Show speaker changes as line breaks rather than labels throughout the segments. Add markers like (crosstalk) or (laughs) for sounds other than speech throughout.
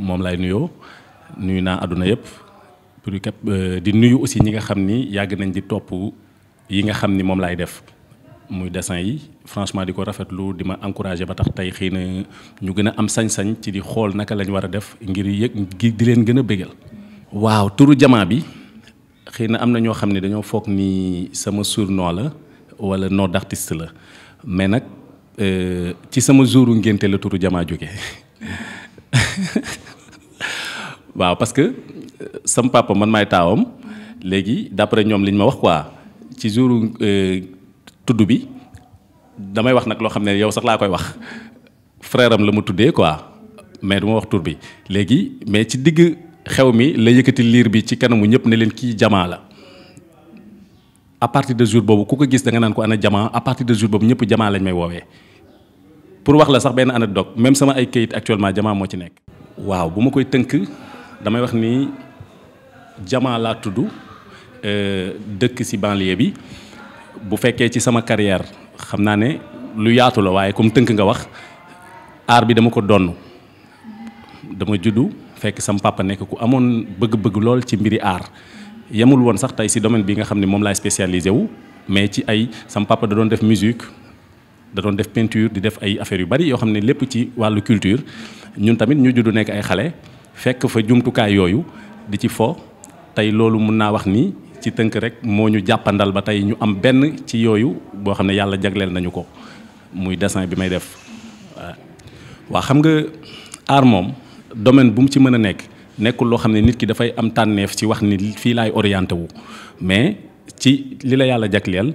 mom lay nuyo nuyu na aduna yep pour képp euh, di nuyu aussi ñi nga xamni yag nañ di top yi nga xamni mom lay def muy dessin yi franchement di ko rafetlu di ma ba tax tay xina ñu gëna am sañ-sañ ci di xol naka lañ war def ngir di leen gëna a waaw turu jama bi xina amna ño xamni dañoo fokk ni sama surnom la wala no d'artiste la mais euh ci sama jouru ngenté la turu jama jogé (laughs) waaw parce que euh, sam papa man may taawam léegi d'après ñoom li ma wax quoi ci jour euh, tudd bi damay wax nag loo xam ne yow sax laa koy wax freram la mu tuddee quoi mais du ma wax tur bi léegi mais ci digg xew mi la yëkkati liir bi ci kanamu ñëpp ne leen kii jamaa la à partir de jour boobu ku ko gis da nga naan ko ana jamaa à partir de jour boobu ñëpp jamaa lañ may woowee pour wax la sax benn anecdote même sama ay kayit actuellement jamaa moo ci nekk. waaw bu damay wax ni Jama tuddu euh dekk ci banlieue bi bu fekke ci sama carrière xamna naa ne lu yaatu la waye comme teunk nga wax art bi dama ko donn dama juddu fekk sam papa nek ku amone bëgg-bëgg lol ci mbiri art yamul won sax tay ci domaine bi nga xamni mom lay spécialiser wu mais ci ay sam papa da don def musique da don def peinture di def ay affaire yu bari yo xamni lepp ci walu culture ñun tamit ñu juddu nek ay xalé fekk fa jumtukaay yooyu di ci fo tey loolu mun naa wax ni ci tënk rek moo ñu jàppandal ba tey ñu am benn ci yooyu boo xam ne yàlla jagleel nañu ko muy dessin bi may def waa xam nga aar moom domaine bu mu ci mën a nekk nekkul loo xam ne nit ki dafay am tànneef ci wax ni fii laay orienté wu mais ci li la yàlla jagleel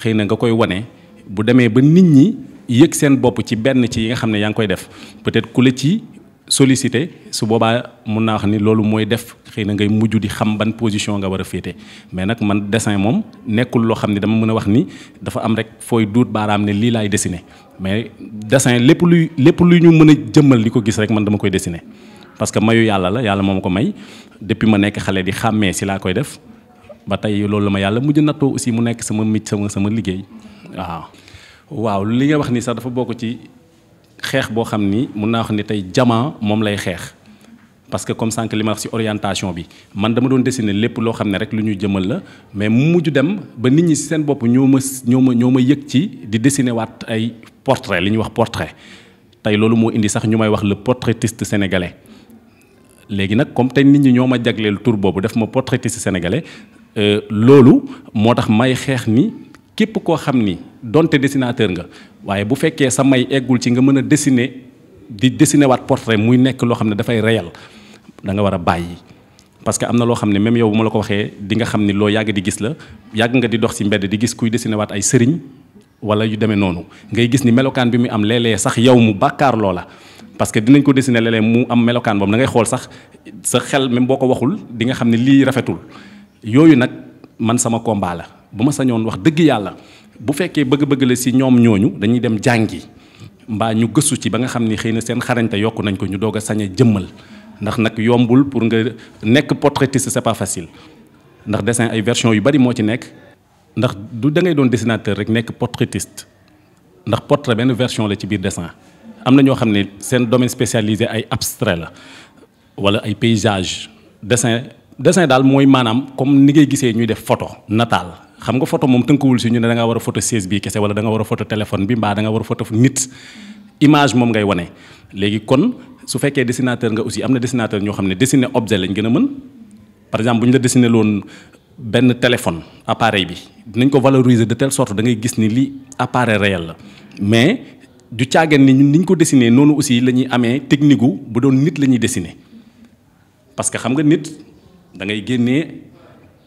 xëy na nga koy wane bu demee ba nit ñi yëg seen bopp ci benn ci yi nga xam ne yaa ngi koy def peut ku la ci sollicité su boobaa mun naa wax ni loolu mooy def xëy na ngay mujj di xam ban position nga war a féete mais nag man desin moom nekkul loo xam ne dama mën a wax ni dafa am rek fooy duut baaraam ne lii laay dessiner mais dessin lépp luy lépp lu ñu mën a jëmmal di ko gis rek man dama koy dessiner parce que mayu yàlla la yàlla moom ma ko may depuis ma nekk xale di xàmmee si laa koy def ba tey loolu la ma yàlla mujj nattoo aussi mu nekk sama micc sama sama liggée xeex boo xam ni mun naa wax ni tey jama moom lay xeex parce que comme sànq li ma wax ci orientation bi man dama doon dessiner lépp loo xam ne rek lu ñu jëmal la mais mu mujj dem ba nit ñi ci seen bopp ñoo ma ñoo ma ñoo ma yëg ci di dessiner waat ay portrait li ñuy wax portrait tey loolu moo indi sax ñu may wax le portraitiste sénégalais léegi nag comme tey nit ñi ñoo ma jagleel tur boobu def ma portraitiste sénégalais euh, loolu moo tax may xeex ni. képp ko xamni ni donte dessinateur nga waye bu fekkee sa may eggul ci nga mën dessiner di dessiner wat portrait muy nek lo ne fay réel da nga wara bayyi parce que amna na loo même yow buma la ko waxee di nga xamni lo yag di gis la yag nga di dox ci mbedd di gis kuy dessiner wat ay sëriñ wala yu demee noonu ngay gis ni melokan bi mi am lele sax yow mu bàkkaar lola parce que dinañ ko dessiner lele mu am melokan boobu da ngay xol sax sa xel même boko ko waxul di nga xamni li rafetul yoyu nak man sama combat la. bu ma sañoon wax dëgg yàlla bu fekkee bëgg-bëgg la si ñoom ñooñu dañuy dem jàngi mbaa ñu gëstu ci ba nga xam ni xëy na seen xarañte yokku nañ ko ñu doog a sañ a jëmmal ndax nag yombul pour nga nekk portraitiste c'est pas facile ndax dessin ay version yu bari moo ci nekk ndax du da ngay doon dessinateur rek nekk portraitiste ndax portrait benn version la ci biir dessin am na ñoo xam ne seen domaine spécialisé ay abstrait la wala ay paysage dessin dessin daal mooy maanaam comme ni ngay gisee ñuy def photo natal xam nga photo moom tënkuwul si ñu ne da nga war photo siège bi kese wala da nga war a photo téléphone bi mbaa da nga war photo nit image moom ngay wane léegi kon su fekkee dessinateur nga aussi am na dessinateur ñoo xam ne dessiner objet lañ gën a mën par exemple buñ la dessiner loon benn téléphone appareil bi dinañ ko valoriser de telle sorte da ngay gis ni li appareil réel la mais du caagan ni ñun niñ ko dessiner noonu aussi la ñuy amee technique bu doon nit la ñuy dessiner parce que xam nga nit da ngay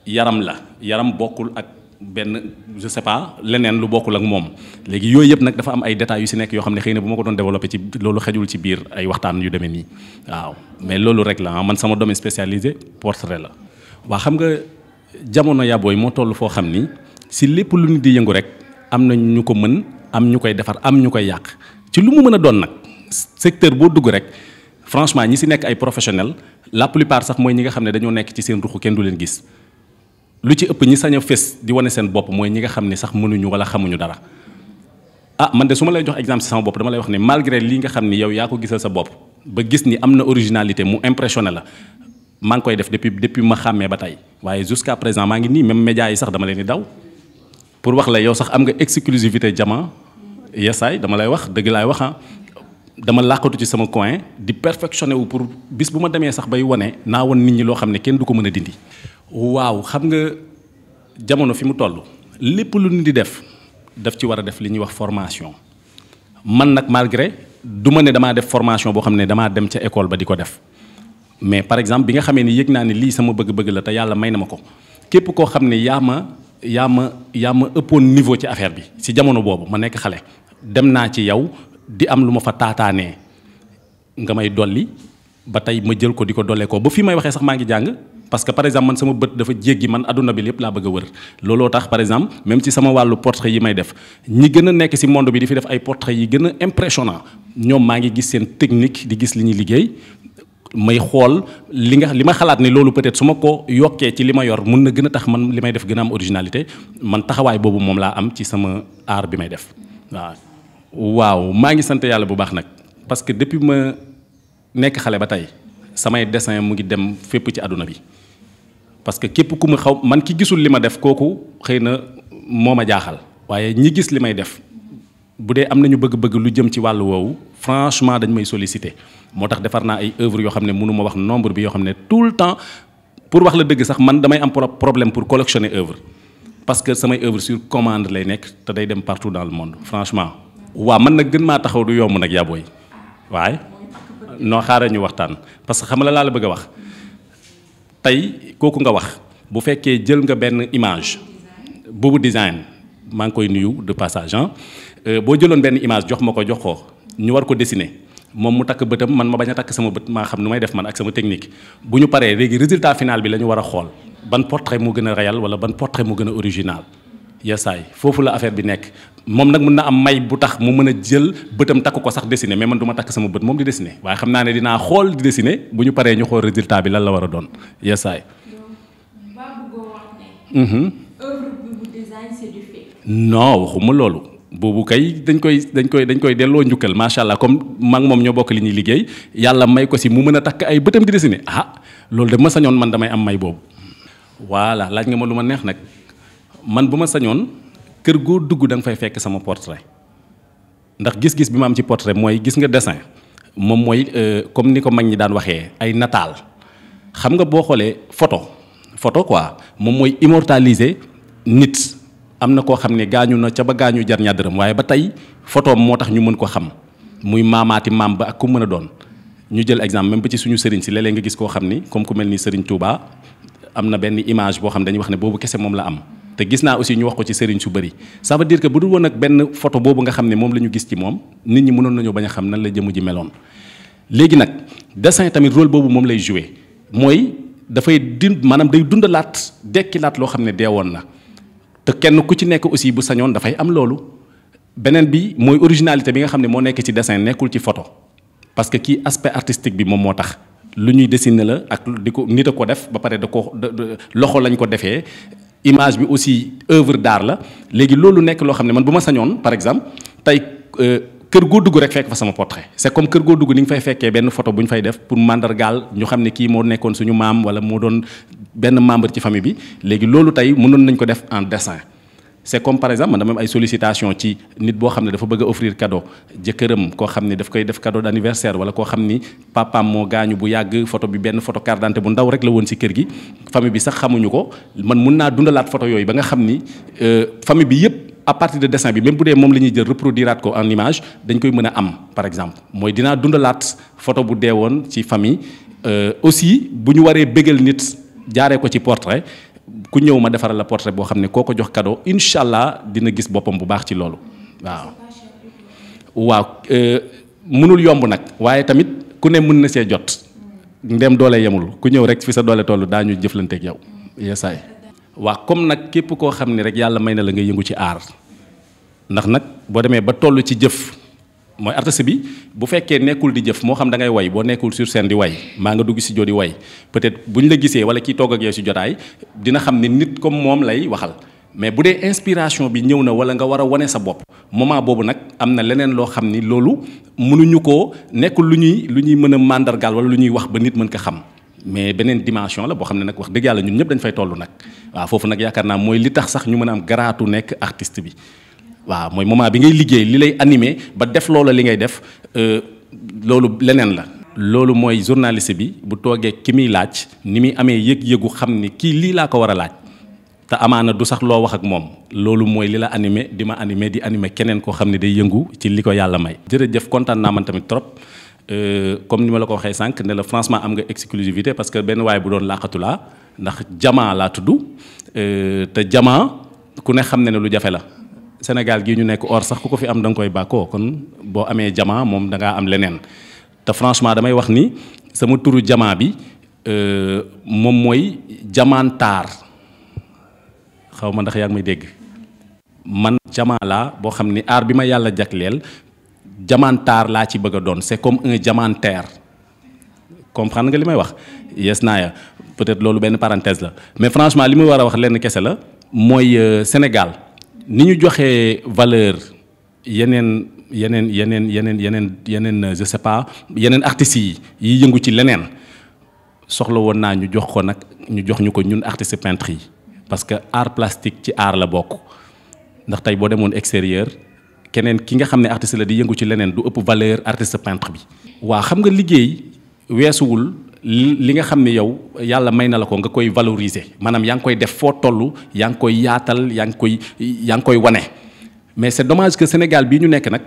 yaram la yaram bokul ak benn je sais leneen lu bokkul ak moom léegi yooyu yëpp nag dafa am ay détails yu si nekk yoo xam ne xëy na bu ma ko doon développé ci loolu xejul ci biir ay waxtaan yu demee nii waaw mais loolu rek la ah, man sama domaine spécialisé portrait la. waa xam nga jamono yabooy moo toll foo xam ni si lépp lu nit di yëngu rek am na ñu ko mën am ñu koy defar am ñu koy yàq ci lu mu mën a doon nag secteur boo dugg rek. franchement ñi si nekk ay professionnels la plupart sax mooy ñi nga xam ne dañoo nekk ci seen ruxu kenn du leen gis lu ci ëpp ñi sañ a fés di wane seen bopp mooy ñi nga xam ne sax mënuñu wala xamuñu dara ah man de su ma lay jox exemple si sama bopp dama lay wax ne malgré lii nga xam ni yow yaa ko gisal sa bopp ba gis ni am na originalité mu impressionné la maa ngi koy def depuis depuis ma xàmmee ba tey waaye jusqu'à présent maa ngi nii même média yi sax dama leen di daw pour wax la yow sax am nga exclusivité jama yesaay dama lay wax dëgg laay wax ah dama làqatu ci sama coin di perfectionné wu pour bis bu ma demee sax bay wane naa won nit ñi loo xam ne kenn du ko mën a dindi waaw xam nga jamono fi mu toll lépp lu ñu di def daf ci war a def li ñuy wax formation man nag malgré du ma ne damaa def formation boo xam ne damaa dem ca école ba di ko def mais par exemple bi nga xamee ni yéeg naa ne lii sama bëgg-bëgg la te yàlla may na ma ko képp koo xam ne yaa ma yaa ma yaa ma ëppoon niveau ci affaire bi si jamono boobu ma nekk xale dem naa ci yow di am lu ma fa taataanee nga may dolli. ba tey ma jël ko di ko dolee ko ba fii may waxee sax maa ngi jàng parce que par exemple man sama bët dafa jéggi man adduna bi laa bëgg a wër looloo tax par exemple même ci sama wàllu portrait yi may def ñi gën a nekk ci monde bi di fi def ay portrait yi gën a impressionnant ñoom maa ngi gis seen technique di gis li ñuy liggéey may xool li nga li ma xalaat ne loolu peut-être su ma ko yokkee ci li ma yor mun na gën a tax man li may def gën a am originalité man taxawaay boobu moom laa am ci sama art bi may def waaw. maa ngi sant yàlla bu baax nag nekk xale ba tey samay dessin mu ngi dem fépp ci àdduna bi parce que képp ku ma xaw man ki gisul li ma def kooku xëy na moo ma jaaxal waaye ñi gis li may def bu dee am nañu bëgg-bëgg lu jëm ci wàll woowu franchement dañ may sollicité moo tax defar naa ay euvre yoo xam ne mënu ma wax nombre bi yoo xam ne tout le temps pour wax la dëgg sax man damay am problème pour collectionner œuvre parce que samay œuvre sur commande lay nekk te day dem partout dans le monde franchement. waaw man nag gën taxaw du yomb nag yaa booy noo xaaral ñu waxtaan parce que xam la laa la bëgg a wax tey kooku nga wax bu fekkee jël nga benn image boobu design maa ngi koy nuyu de passage ah boo jëloon benn image jox ma ko jox ko ñu war ko dessiner moom mu takk bëtam man ma bañ a takk sama bët maa xam nu may def man ak sama technique bu ñu paree léegi résultat final bi la ñu war xool ban portrait moo gën a réel wala ban portrait moo gën a original Ya, say fofu la affaire bi nek mom nak mën na am may bu tax mu mëna jël bëtam takku ko sax dessiner mais man duma tak sama mom di dessiner waye xamna ne di dessiner bu ñu paree ñu xol résultat bi lan la ya a doon yasaay. Mhm. non waxuma loolu boobu kay dañ koy dañ koy dañ koy ñukkel ma sha allah comme mag mom ñoo bok li ñi liggey yalla may ko si mu mëna a ay di dessiner ah loolu de ma sañon man damay am may boobu. voilà laaj nga ma luma neex nak man bu ma sañoon kër goo dugg da fay fekk sama portrait ndax gis-gis bi ma am ci portrait mooy gis nga dessin moom mooy euh, comme ni ko mag ñi daan waxee ay nataal xam nga boo xoolee photo photo quoi moom mooy immortaliser nit am na koo xam ne gaañu na ca ba gaañu jar ñaar dërëm waaye ba tey photo moo tax ñu mën ko xam muy maamaati maam ba ak ku mën a doon ñu jël exemple même ba ci suñu sëriñ si léeg-léeg nga gis koo xam ni comme ku mel ni sëriñ Touba am na benn image boo xam dañuy wax ne boobu kese moom la am. te gis naa aussi ñu wax ko ci sëriñ su bari ça veut dire bu dul woon ak benn foto boobu nga xam ne moom la ñu gis ci moom nit ñi mënoon nañoo bañ a xam nan la jëmu ji meloon. léegi nag dessin tamit role boobu moom lay joué mooy dafay din maanaam day dundalaat dekkilaat loo xam ne dee woon na te kenn ku ci nekk aussi bu sañoon dafay am loolu beneen bi mooy originalité bi nga xam ne moo nekk ci desin nekkul ci photo parce que kii aspect artistique bi moom moo tax. lu ñuy dessiner la ak di ko nit a ko def ba pare da ko loxo lañ ko defee image bi aussi œuvre d'art la légui lolu nek lo xamné ne man buma ma par exemple tay euh, kër go dugg rek fekk fa sama portrait c'est comme kër go dugg ni ngi fay fekkee ben photo buñ fay def pour mandargal ñu xamné ne mo nekkon suñu mam wala mo doon ben membre ci famille bi légui lolu tay mënon nañ ko def en dessin c'est comme par exemple man même ay sollicitation ci nit bo xamné dafa bëgg offrir cadeau jëkkëram koo xam ni daf koy def cadeau d'anniversaire wala ko xam ni mo gañu bu yagg photo bi benn photo carte d'identité bu ndaw rek la won ci kër gi famille bi sax xamuñu ko man mun naa dundalaat photo yoy ba nga xam ni euh, famille bi yépp à partir de dessin bi même boudé mom lañuy jël reproduire ko en image dañ koy mëna am par exemple moy dina dundalat photo bu dee woon ci famille euh, aussi buñu waré waree bégal nit jaaré ko ci portrait ku ñëw ma defaral la portrait boo xam ne koo ko jox kadoo incha allah dina gis boppam bu baax ci loolu waaw. waaw euh, mënul yomb nag waaye tamit ku ne mën na see jot ndem doole yemul ku ñëw rek fi sa doole toll daañu jëflanteeg yow yeesaay. waaw comme nag képp koo xam ne rek yàlla may na la nga yëngu ci aar ndax nag boo demee ba toll ci jëf. mooy artiste bi bu fekkee nekkul di jëf moo xam da ngay way boo nekkul sur scène di way maa nga dugg si joo di way peut bu ñu la gisee wala kiy togg ak yow si jotaay dina xam ne nit comme moom lay waxal mais bu dee inspiration bi ñëw na wala nga war a wane sa bopp moment boobu nag am na leneen loo xam ni loolu mënuñu koo nekkul lu ñuy lu ñuy mën a màndargaal wala lu ñuy wax ba nit mën ko xam mais beneen dimension la boo xam ne nag wax dëgg yàlla ñun ñëpp dañ fay toll nag waaw nag yaakaar mooy li tax sax ñu mën a am garaatu nekk artiste bi waaw mooy moment bi ngay liggéey li lay animé ba def loola li ngay def euh, loolu leneen la. loolu mooy journaliste bi bu toogee ki muy laaj ni muy amee yëg-yëgu xam ni kii lii laa ko war a laaj te amaana du sax loo wax ak moom loolu mooy li la animé di ma anime di animé keneen koo xam ne day yëngu ci li ko yàlla may. jërëjëf kontaan naa man tamit trop euh, comme ni ma la ko waxee sànq ne la franchement am nga exclusivité parce que benn waay bu doon laaxatu ndax jamaa laa tudd euh, te jamaa ku ne xam na ne lu jafe la. Sénégal gii ñu nekk or sax ku ko fi am danga koy bàkkoo kon boo amee jamaa moom da am leneen te franchement damay wax ni sama turu jamaa bi euh, moom mooy jamaan taar xaw ma ndax yaa may dégg man jamaa laa boo xam ni aar bi ma yàlla jagleel jaman taar laa ci bëgg a doon c'est comme un jamaan terre comprendre nga li may wax yes naa ya peut-être loolu benn parenthèse la mais franchement li muy war a wax lenn kese la mooy euh, Sénégal. ni ñu joxee valeur yeneen yeneen yeneen yeneen yeneen yeneen euh, je sais pas yeneen artistes yi yiy yëngu ci leneen soxla woon naa ñu jox ko nag ñu jox ñu ko ñun artistes peintres yi parce que art plastique ci art la bokk ndax tey boo demoon extérieur keneen ki nga xam ne artiste la di yëngu ci leneen du ëpp valeur artiste peintre bi. waa xam nga liggéey weesuwul. li nga xam ne yow yàlla may na la ko nga koy valoriser maanaam yaa ngi koy def foo toll yaa ngi koy yaatal yaa ngi koy yaa ngi koy wane mais c'est dommage que Sénégal bii ñu nekk nag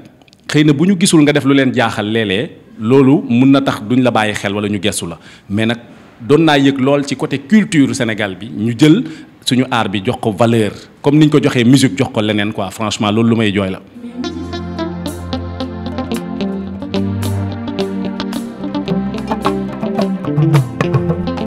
xëy na bu ñu gisul nga def lu leen jaaxal léeg-léeg loolu mun na tax duñ la bàyyi xel wala ñu gesu la mais nag doon naa yëg lool ci côté culture Sénégal bi ñu jël suñu art bi jox ko valeur comme niñ ko joxee musique jox ko leneen quoi franchement loolu lu may jooy la